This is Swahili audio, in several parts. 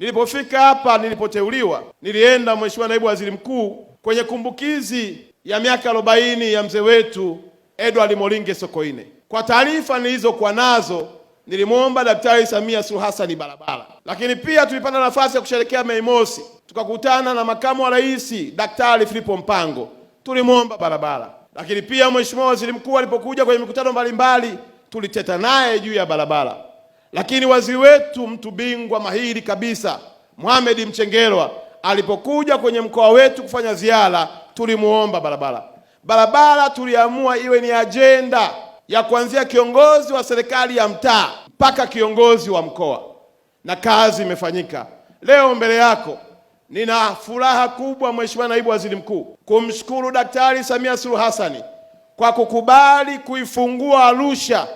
Nilipofika hapa nilipoteuliwa, nilienda Mheshimiwa Naibu Waziri Mkuu, kwenye kumbukizi ya miaka arobaini ya mzee wetu Edward Moringe Sokoine. Kwa taarifa nilizokuwa nazo, nilimwomba Daktari Samia Suluhu Hassan barabara, lakini pia tulipata nafasi ya kusherehekea Mei Mosi, tukakutana na makamu wa rais Daktari Filipo Mpango, tulimwomba barabara. Lakini pia Mheshimiwa Waziri Mkuu alipokuja kwenye mikutano mbalimbali, tuliteta naye juu ya barabara. Lakini waziri wetu mtu bingwa mahiri kabisa Mohamed Mchengerwa alipokuja kwenye mkoa wetu kufanya ziara, tulimuomba barabara. Barabara tuliamua iwe ni ajenda ya kuanzia kiongozi wa serikali ya mtaa mpaka kiongozi wa mkoa, na kazi imefanyika. Leo mbele yako nina furaha kubwa, Mheshimiwa Naibu Waziri Mkuu, kumshukuru Daktari Samia Suluhu Hassani kwa kukubali kuifungua Arusha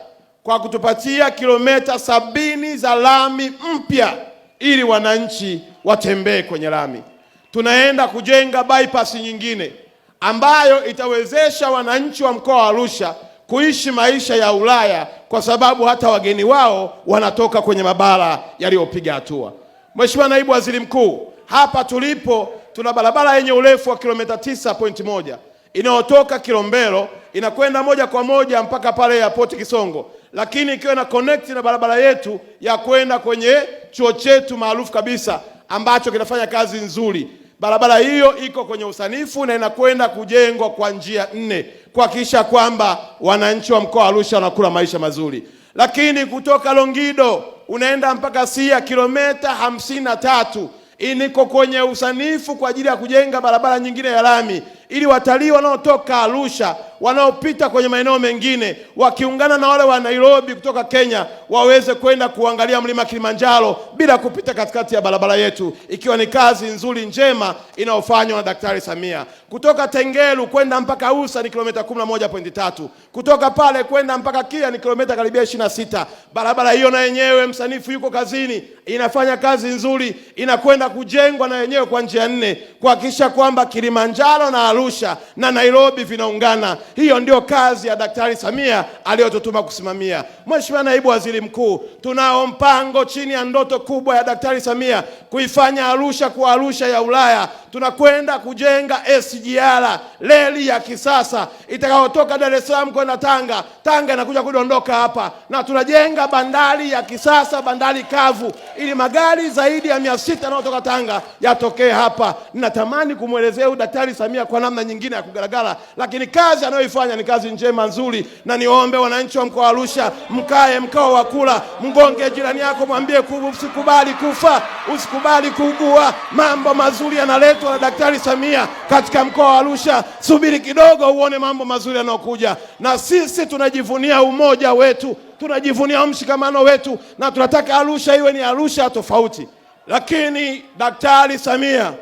kwa kutupatia kilomita sabini za lami mpya ili wananchi watembee kwenye lami. Tunaenda kujenga bypass nyingine ambayo itawezesha wananchi wa mkoa wa Arusha kuishi maisha ya Ulaya kwa sababu hata wageni wao wanatoka kwenye mabara yaliyopiga hatua. Mheshimiwa Naibu Waziri Mkuu, hapa tulipo tuna barabara yenye urefu wa kilomita tisa pointi moja inayotoka Kilombero inakwenda moja kwa moja mpaka pale airport Kisongo lakini ikiwa na connect na barabara yetu ya kwenda kwenye chuo chetu maarufu kabisa ambacho kinafanya kazi nzuri. Barabara hiyo iko kwenye usanifu na inakwenda kujengwa kwa njia nne kuhakikisha kwamba wananchi wa mkoa wa Arusha wanakula maisha mazuri. Lakini kutoka Longido unaenda mpaka Sia kilometa hamsini na tatu iniko kwenye usanifu kwa ajili ya kujenga barabara nyingine ya lami ili watalii wanaotoka Arusha wanaopita kwenye maeneo mengine wakiungana na wale wa Nairobi kutoka Kenya waweze kwenda kuangalia mlima Kilimanjaro bila kupita katikati ya barabara yetu, ikiwa ni kazi nzuri njema inayofanywa na Daktari Samia. Kutoka Tengeru kwenda mpaka Usa ni kilomita 11.3, kutoka pale kwenda mpaka Kia ni kilomita karibia 26. Barabara hiyo na yenyewe msanifu yuko kazini, inafanya kazi nzuri, inakwenda kujengwa na yenyewe kwa njia nne kuhakikisha kwamba Kilimanjaro na Arusha Arusha na Nairobi vinaungana. Hiyo ndio kazi ya Daktari Samia aliyotutuma kusimamia. Mheshimiwa Naibu Waziri Mkuu, tunao mpango chini ya ndoto kubwa ya Daktari Samia kuifanya Arusha kuwa Arusha ya Ulaya. Tunakwenda kujenga SGR, reli ya kisasa itakayotoka Dar es Salaam kwenda Tanga, Tanga inakuja kudondoka hapa, na tunajenga bandari ya kisasa, bandari kavu, ili magari zaidi ya mia sita yanayotoka Tanga yatokee hapa. Natamani kumwelezea huyu Daktari Samia kwa namna namna nyingine ya kugaragara, lakini kazi anayoifanya ni kazi njema nzuri, na niwaombe wananchi wa mkoa wa Arusha, mkae mkao wa kula, mgonge jirani yako, mwambie usikubali kufa, usikubali kuugua. Mambo mazuri yanaletwa na Daktari Samia katika mkoa wa Arusha. Subiri kidogo, uone mambo mazuri yanayokuja, na sisi tunajivunia umoja wetu, tunajivunia mshikamano wetu, na tunataka Arusha iwe ni Arusha tofauti. Lakini Daktari Samia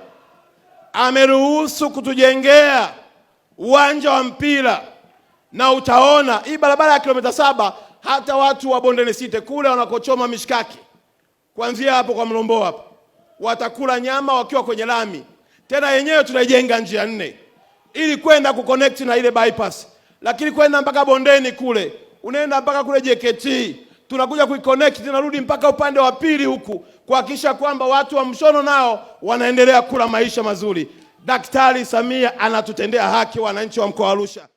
ameruhusu kutujengea uwanja wa mpira, na utaona hii barabara ya kilomita saba hata watu wa Bondeni Site kule wanakochoma mishkaki, kuanzia hapo kwa Mlombo hapo watakula nyama wakiwa kwenye lami. Tena yenyewe tunaijenga njia nne ili kwenda kuconnect na ile bypass, lakini kwenda mpaka Bondeni kule unaenda mpaka kule JKT tunakuja kuiconnect, tunarudi mpaka upande wa pili huku kuhakikisha kwamba watu wa Mshono nao wanaendelea kula maisha mazuri. Daktari Samia anatutendea haki wananchi wa mkoa wa Arusha.